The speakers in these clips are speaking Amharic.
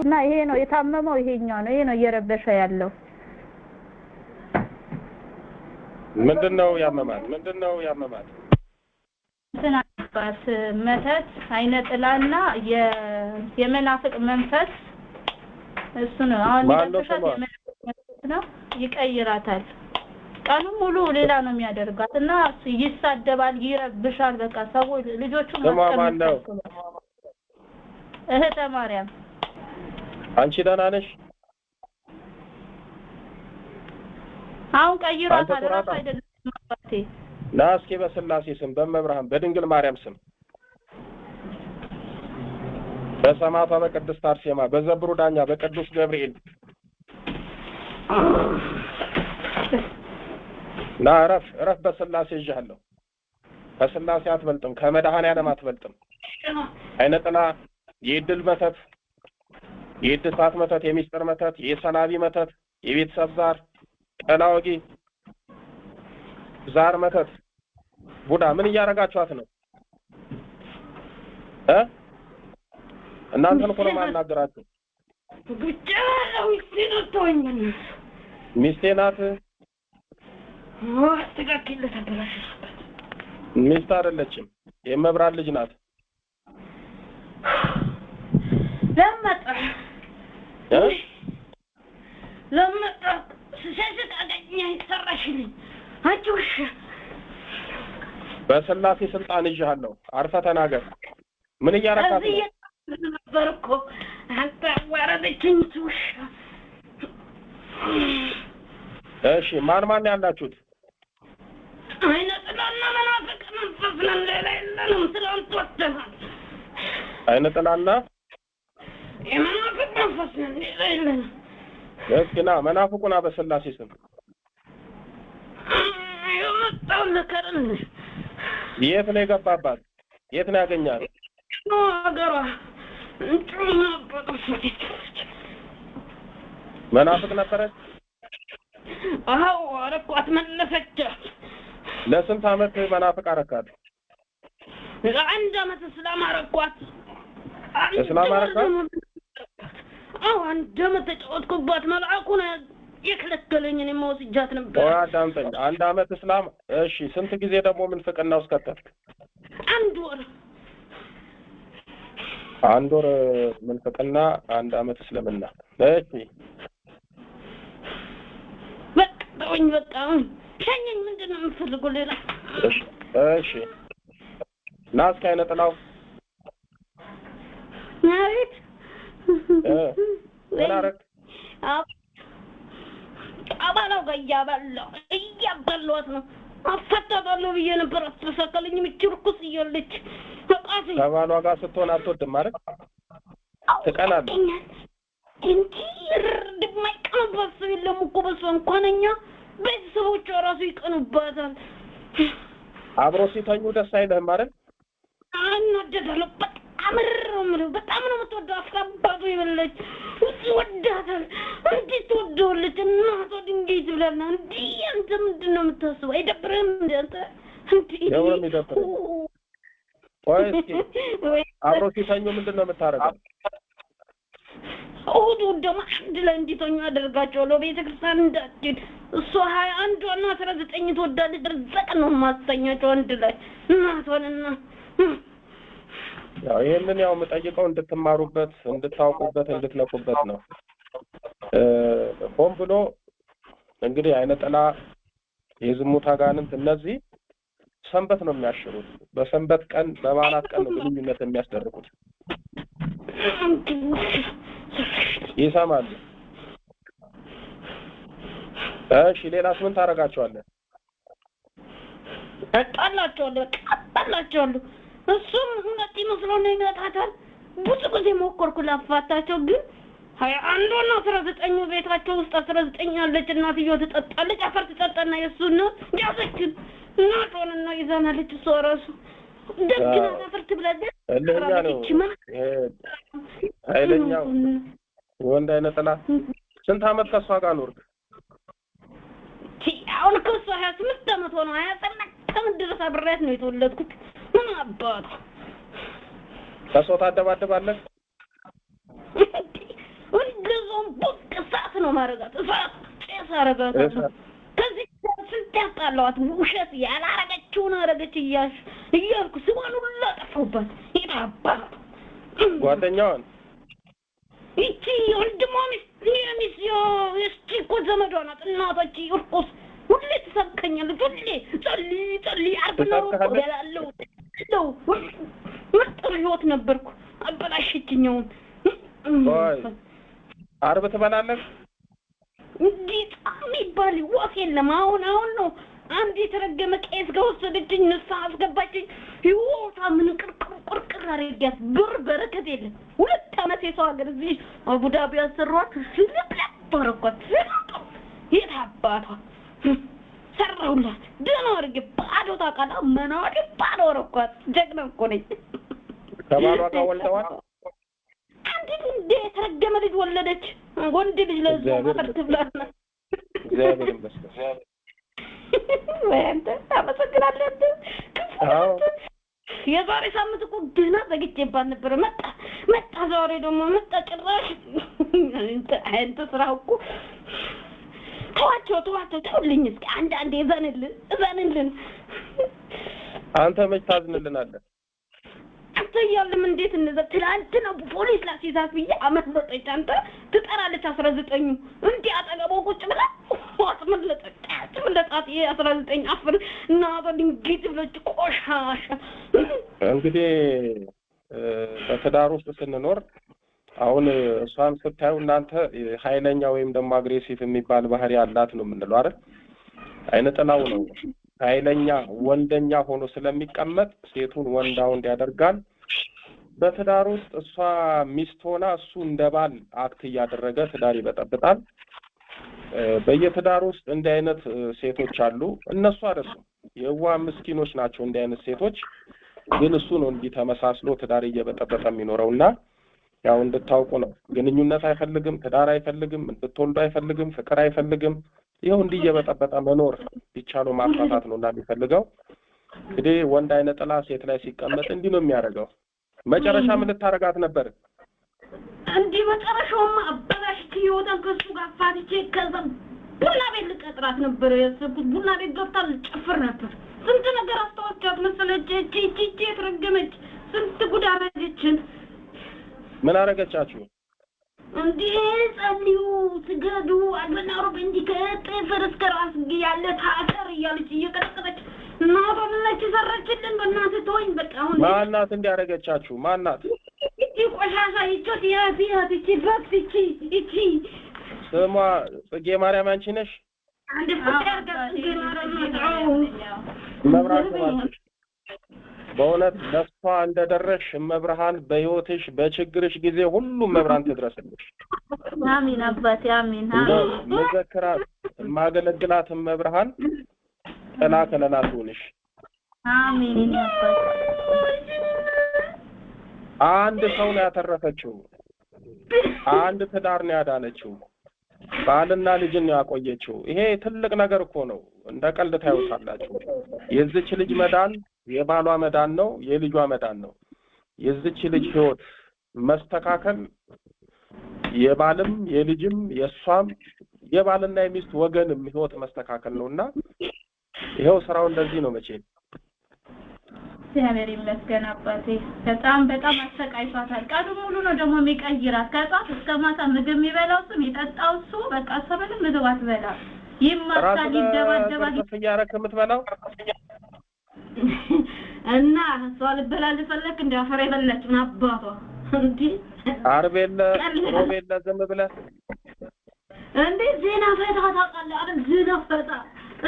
እና ይሄ ነው የታመመው፣ ይሄኛው ነው ይሄ ነው እየረበሸ ያለው። ምንድነው ያመማል? ያመማል? ማጥፋት፣ መተት፣ አይነ ጥላና የመናፍቅ መንፈስ እሱ ነው። አሁን መንፈሳት የመናፍቅ መንፈስ ነው፣ ይቀይራታል። ቀኑን ሙሉ ሌላ ነው የሚያደርጋት እና ይሳደባል፣ ይረብሻል። በቃ ሰው ልጆቹ ማስቀምጠው እህተ ማርያም አንቺ ደህና ነሽ? አሁን ቀይሯታል። ራሱ አይደለም አባቴ ናስኬ በስላሴ ስም በመብርሃን በድንግል ማርያም ስም በሰማዕቷ በቅድስት አርሴማ በዘብሩ ዳኛ በቅዱስ ገብርኤል ና እረፍ እረፍ። በስላሴ እዣለሁ። ከስላሴ አትበልጥም፣ ከመድኃኔዓለም አትበልጥም። አይነ ጥላ፣ የድል መተት፣ የድል መተት፣ የሚስጥር መተት፣ የሰናቢ መተት፣ የቤተሰብ ዛር፣ ጠላ ዛር መተት ቡዳ ምን እያረጋችኋት ነው እ እናንተን እኮ ነው የማናገራችሁ። ሚስቴ ናት። ሚስት አይደለችም፣ የመብራት ልጅ ናት። ለመጣ ለመጣ ስሰስት አገኘ ይሰራሽልኝ አንቺ ውሻ በስላሴ ስልጣን እጅሃለሁ፣ አርፈ ተናገር። ምን እያረካት ነበር እኮ አንተ አዋረደችኝ። ትውሻ። እሺ፣ ማን ማን ያላችሁት? አይነ ጥላና መናፍቅ መንፈስ ነን፣ ሌላ የለንም። ትላንት ወጥተናል። አይነ ጥላና የመናፍቅ መንፈስ ነን፣ ሌላ የለንም። እስኪ ና በስላሴ ስም የት ነው የገባባት? የት ነው ያገኛት? ሀገሯ መናፍቅ ነበረች። አዎ አረኳት፣ መለሰቻት። ለስንት አመት መናፍቅ አረካት? አንድ አመት እስላም አረኳት። እስላም አረካት? አዎ አንድ አመት ተጫወትኩባት። መልአኩ ነው የከለከለኝን የማወስጃት ነበር። አዳምጠኝ። አንድ አመት እስላም። እሺ፣ ስንት ጊዜ ደግሞ ምንፍቅና ውስጥ ከተትክ? አንድ ወር። አንድ ወር ምንፍቅና፣ አንድ አመት እስልምና። እሺ፣ በቃ ተወኝ። በቃ ሸኘኝ። ምንድን ነው የምፈልገው ሌላ? እሺ፣ ና እስኪ አይነ ጥላው አቤት ምን አረግ ጠበለው ጋር እያበላሁ እያበሏት ነው። አፈጠጣለሁ ብዬ ነበር አስተሳከለኝ። ምች ርኩስ እያለች ተቃፊ ከባሏ ጋር ስትሆን አትወድም ማለት ትቀናለች። እንዲ ርድ የማይቀኑባት ሰው የለም እኮ በሷ እንኳን እኛ ቤተሰቦቿ ራሱ ይቀኑባታል። አብሮ ሲተኙ ደስ አይልህም ማለት እንወደዳለሁ። በጣም ነው የምለው። በጣም ነው የምትወደው። አስከባቱ ይበለች ወዳታል ወልጅ እናቷ ድንጋይ ትብላልና፣ እንዲ አንተ ምንድን ነው የምታስበው? አይደብርህም? እንዲ አንተ አብሮ ሲተኙ ምንድን ነው የምታደርገው? እሑድ እሑድ ደግሞ አንድ ላይ እንዲተኙ አደርጋቸዋለሁ። ቤተ ክርስቲያን እንዳትሄድ እሷ ሀያ አንዷ እና አስራ ዘጠኝ ትወዳለች። ድርዘቅ ነው የማስተኛቸው አንድ ላይ እናቷንና ያው ይህንን ያው የምጠይቀው እንድትማሩበት፣ እንድታውቁበት፣ እንድትነቁበት ነው። ሆን ብሎ እንግዲህ አይነ ጥላ፣ የዝሙት አጋንንት እነዚህ ሰንበት ነው የሚያሽሩት። በሰንበት ቀን በበዓላት ቀን ነው ግንኙነት የሚያስደርጉት። ይሰማል። እሺ፣ ሌላስ ምን ታደርጋቸዋለህ? እጣላቸዋለሁ፣ እሱም ሁለት መስሎ ነው ይመጣታል። ብዙ ጊዜ ሞከርኩ ላፋታቸው ግን ሀያ አንዱ እና አስራ ዘጠኙ ቤታቸው ውስጥ አስራ ዘጠኝ ያለች እናትዮ ትጠጣለች። አፈር ትጠጣና የእሱን ነው ያዘችን እና ይዛናለች። እሷ ራሱ ደግና አፈር ትብላለች። ኃይለኛው ወንድ አይነት ስንት አመት ከእሷ ጋር ኖርክ? አሁን ከእሷ ሀያ ስምንት አመት ሆነ። ሀያ ድረስ አብሬያት ነው የተወለድኩት። ምን አባቱ ታደባደባለህ? ነው ማረጋት። እሳት ጤስ ከዚህ ስንት ያጣለዋት ውሸት ያላረገችውን አረገች እያልሽ እያልኩ ስሟን ሁሉ አጠፋሁባት። ይታባቱ ጓደኛዋን ይቺ ወንድሟ ሚስት ሚስ እስቲ እኮ ዘመዷ ናት። እናቶች እርቁስ ሁሌ ትሰብከኛለች። ሁሌ ጸልይ ያላለው ነው ጥሩ ህይወት ነበርኩ። አበላሸችኛውን አርብ እንዲህ የሚባል ወፍ የለም። አሁን አሁን ነው አንድ የተረገመ ቄስ ጋር ወሰደችኝ፣ ንስሐ አስገባችኝ። ህይወቷ ምን ቅርቅር አድርጊያት ብር በረከት የለም። ሁለት ዓመት የሰው ሀገር እዚህ አቡዳቢ ያሰሯት ስልብለብ አረኳት። የት ሰራሁላት ደህና አድርጌ ባዶ ታውቃለህ፣ መናወዴ ባዶ አረኳት። ጀግና እኮ ነኝ። ከባሏ ጋር ወልደዋል እንዴ የተረገመ ልጅ ወለደች። ወንድ ልጅ ለዛ ማፈር ትብላና እግዚአብሔር ይመስገን። አመሰግናለሁ። የዛሬ ሳምንት እኮ ዘግቼባት ነበረ። መጣ መጣ፣ ዛሬ ደግሞ መጣ። ጭራሽ አንተ እኮ ተዋቸው ተዋቸው፣ ተውልኝ እስኪ አንዳንዴ እዘንልን እዘንልን። አንተ መች ታዝንልናለህ? አንተ እያለም እንዴት እንደዛ ትላንትና ፖሊስ ላስይዛት ብዬ አመለጠች። አንተ ትጠራለች አስራ ዘጠኙ እንዲህ አጠገበው ቁጭ ብላ አስመለጠች አስመለጣት። ይሄ አስራ ዘጠኝ አፍር እና በድንጊት ብለች ቆሻሻ። እንግዲህ በትዳር ውስጥ ስንኖር አሁን እሷን ስታዩ እናንተ ኃይለኛ ወይም ደግሞ አግሬሲቭ የሚባል ባህሪ አላት ነው የምንለው አይደል? አይነ ጥላው ነው ኃይለኛ ወንደኛ ሆኖ ስለሚቀመጥ ሴቱን ወንዳ ወንድ ያደርጋል። በትዳር ውስጥ እሷ ሚስት ሆና እሱ እንደ ባል አክት እያደረገ ትዳር ይበጠብጣል። በየትዳር ውስጥ እንዲህ አይነት ሴቶች አሉ። እነሱ አይደሉም የዋ ምስኪኖች ናቸው እንዲህ አይነት ሴቶች። ግን እሱ ነው እንዲህ ተመሳስሎ ትዳር እየበጠበጠ የሚኖረው እና ያው እንድታውቁ ነው። ግንኙነት አይፈልግም፣ ትዳር አይፈልግም፣ እንድትወልዱ አይፈልግም፣ ፍቅር አይፈልግም። ይኸው እንዲህ እየበጠበጠ መኖር ቢቻሉ ማፋታት ነው እና የሚፈልገው እንግዲህ ወንድ አይነ ጥላ ሴት ላይ ሲቀመጥ እንዲህ ነው የሚያደርገው። መጨረሻ ምን ልታረጋት ነበር? እንዲህ መጨረሻውማ አበላሽቼ ህይወቴን ከሱ ጋር አፋትቼ ከዛ ቡና ቤት ልቀጥራት ነበር ያሰብኩት። ቡና ቤት ገብታ ልጨፍር ነበር። ስንት ነገር አስተዋቻት መሰለች። እቺ እቺ እቺ የተረገመች ስንት ጉድ አረገችን። ምን አረገቻችሁ? እንዲህ ጸልዩ፣ ስገዱ፣ አልበናሩ እንዲህ ከጥፍር እስከ ራስ ያለ ታጠር እያለች እየቀጠቀጠች እናቷ ነች የሰራችልን። በእናትህ ተወኝ በቃ። አሁን ማናት እንዲያደረገቻችሁ ማናት? እቺ ቆሻሻ ይቾት ቴራፒያት እቺ በክት እቺ እቺ ስሟ ጽጌ ማርያም አንቺ ነሽ? አንድ መብራት ማለት በእውነት ለሷ እንደደረሽ መብርሃን በህይወትሽ በችግርሽ ጊዜ ሁሉም መብራን ትድረስልሽ። አሚን አባቴ አሚን። አሚን መዘክራት ማገለግላት መብርሃን ጠና ከነና ትሆንሽ። አሜን። አንድ ሰው ነው ያተረፈችው። አንድ ትዳር ነው ያዳነችው። ባልና ልጅን ነው ያቆየችው። ይሄ ትልቅ ነገር እኮ ነው። እንደ ቀልድ ታዩታላችሁ። የዚች ልጅ መዳን የባሏ መዳን ነው፣ የልጇ መዳን ነው። የዚች ልጅ ህይወት መስተካከል የባልም የልጅም የእሷም የባልና የሚስት ወገንም ህይወት መስተካከል ነው እና ይኸው ስራው እንደዚህ ነው። መቼ እግዚአብሔር ይመስገን አባቴ። በጣም በጣም አሰቃይቷታል። ቀኑ ሙሉ ነው ደግሞ የሚቀይራት ከጧት እስከ ማታ ምግብ የሚበላው እሱ የሚጠጣው እሱ በቃ እሷ ምንም ምግብ አትበላ። ይማታል፣ ይደባደባል። እያረ ከምትበላው እና እሷ ልበላ ልፈለክ እንደ አፈር የበላች ምን አባቷ እንዴ! ዓርብ የለ ሮብ የለ ዝም ብለህ እንዴ ዜና ፈታ ታውቃለህ አረ ዜና ፈታ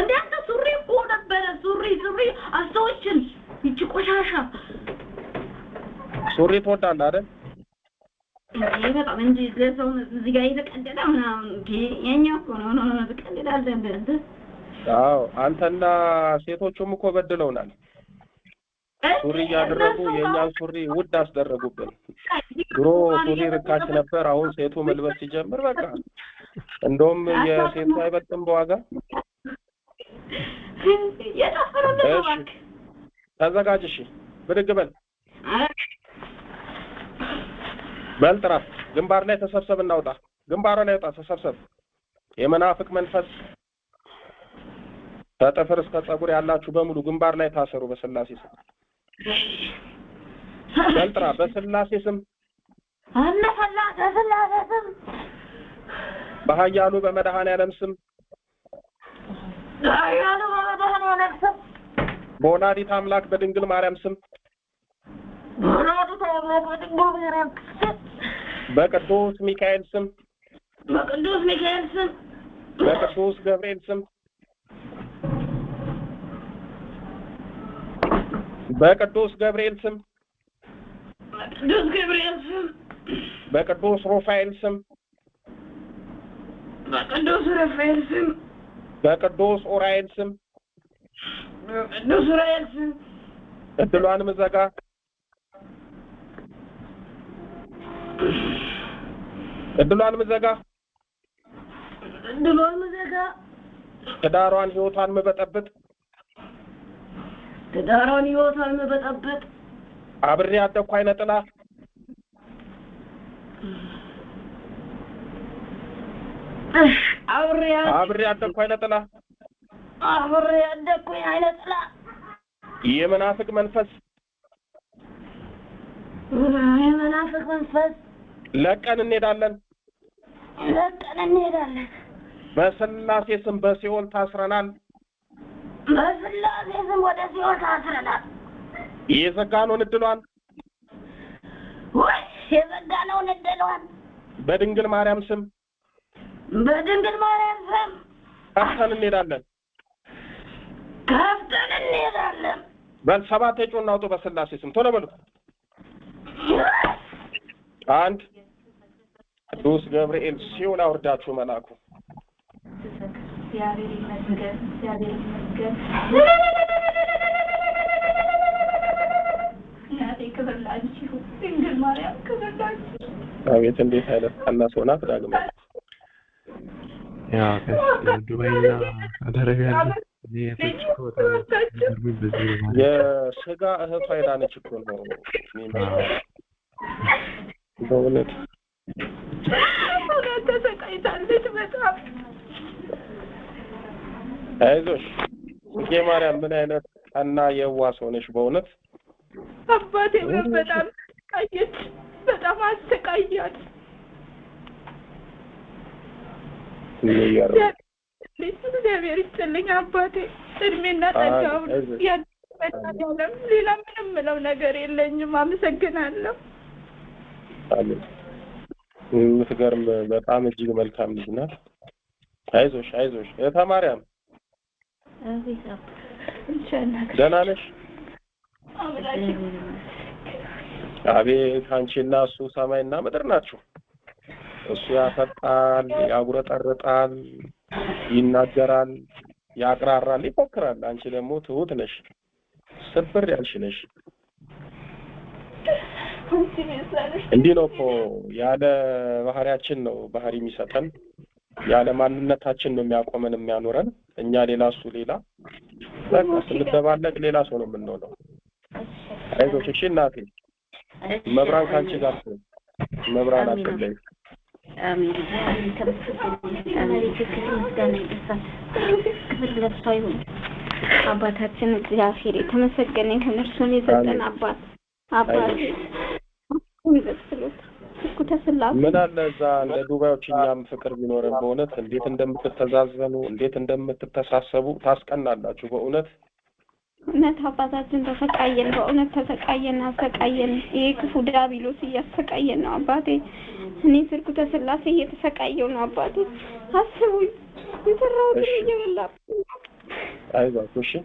እንዲያንተ ሱሪ እኮ ነበረ። ሱሪ ሱሪ አስተዎችን ይቺ ቆሻሻ ሱሪ ትወዳለህ አይደል? በጣም እንጂ ነው አዎ አንተና ሴቶቹም እኮ በድለውናል። ሱሪ እያደረጉ የእኛን ሱሪ ውድ አስደረጉብን። ድሮ ሱሪ ርካሽ ነበር። አሁን ሴቱ መልበስ ሲጀምር በቃ እንደውም የሴቱ አይበልጥም በዋጋ ተዘጋጅ። እሺ ብድግ በል በል ጥራ። ግንባር ላይ ተሰብሰብ፣ እናውጣ። ግንባሯ ላይ ውጣ፣ ተሰብሰብ። የመናፍቅ መንፈስ ከጥፍር እስከ ጸጉር ያላችሁ በሙሉ ግንባር ላይ ታሰሩ። በስላሴ ስም በል ጥራ። በስላሴ ስም በስላሴ ስም በኃያሉ በመድኃኔዓለም ስም በወላዲት አምላክ በድንግል ማርያም ስም በቅዱስ ሚካኤል ስም በቅዱስ ሚካኤል ስም በቅዱስ ገብርኤል ስም በቅዱስ ገብርኤል ስም በቅዱስ ገብርኤል ስም በቅዱስ ሩፋኤል ስም በቅዱስ ሩፋኤል ስም በቅዱስ ኡራኤል ስም ቅዱስ ኡራኤል ስም እድሏን ምዘጋ እድሏን ምዘጋ እድሏን ምዘጋ ትዳሯን ህይወቷን ምበጠብጥ ትዳሯን ህይወቷን ምበጠብጥ አብሬ ያደግኩ አይነ ጥላ አብሬ አብሬ አደኩ አይነ ጥላ አብሬ አደኩኝ አይነ ጥላ የመናፍቅ መንፈስ የመናፍቅ መንፈስ ለቀን እንሄዳለን ለቀን እንሄዳለን። በስላሴ ስም በሲኦል ታስረናል። በስላሴ ስም ወደ ሲኦል ታስረናል። የዘጋነውን እድሏን ወይ የዘጋነውን እድሏን በድንግል ማርያም ስም በድንግል ማርያም ስም ከፍተን እንሄዳለን። ከፍተን እንሄዳለን። በል ሰባት ጩ እናውጡ። በስላሴ ስም ቶሎ በሉ። አንድ ቅዱስ ገብርኤል ሲውል አውርዳችሁ መልአኩ አቤት እንዴት አይነት ቀናስ ሆናት ዳግመ የስጋ እህት አይዳነች እኮ ነው በእውነት ተሰቃይታለች በጣም አይዞሽ ጽጌ ማርያም ምን አይነት ቀና የዋ ሰው ነሽ በእውነት አባቴ በጣም ተሰቃየች በጣም አሰቃያት እሱን እግዚአብሔር ይስጥልኝ አባቴ፣ እድሜና ጸጋውን ሌላ ምንም ምለው ነገር የለኝም። አመሰግናለሁ። የምትገርም በጣም እጅግ መልካም ልጅ ናት። አይዞሽ አይዞሽ እህተ ማርያም ደህና ነሽ? አቤት አንቺና እሱ ሰማይና ምድር ናችሁ። እሱ ያፈጣል፣ ያጉረጠርጣል፣ ይናገራል፣ ያቅራራል፣ ይፎክራል። አንቺ ደግሞ ትሁት ነሽ፣ ስብር ያልሽ ነሽ። እንዲህ ነው እኮ ያለ ባህሪያችን ነው ባህሪ የሚሰጠን ያለ ማንነታችን ነው የሚያቆመን የሚያኖረን። እኛ ሌላ እሱ ሌላ፣ በቃ ስንደባለቅ ሌላ ሰው ነው የምንሆነው። አይዞሽ እሺ እናቴ። መብራን ከአንቺ ጋር መብራን አትለይ አባታችን እግዚአብሔር የተመሰገነ ይሁን። እርሱን የሰጠን አባት አባት ምን አለ እዛ እንደ ዱባዮች እኛም ፍቅር ቢኖረን በእውነት እንዴት እንደምትተዛዘኑ እንዴት እንደምትተሳሰቡ ታስቀናላችሁ በእውነት እውነት አባታችን ተሰቃየን፣ በእውነት ተሰቃየን፣ አሰቃየን። ይሄ ክፉ ዲያብሎስ እያሰቃየን ነው አባቴ። እኔ ስርኩተ ተስላሴ እየተሰቃየው ነው አባቴ። አስቡኝ፣ የሰራሁትን እየበላ አይዟችሁ።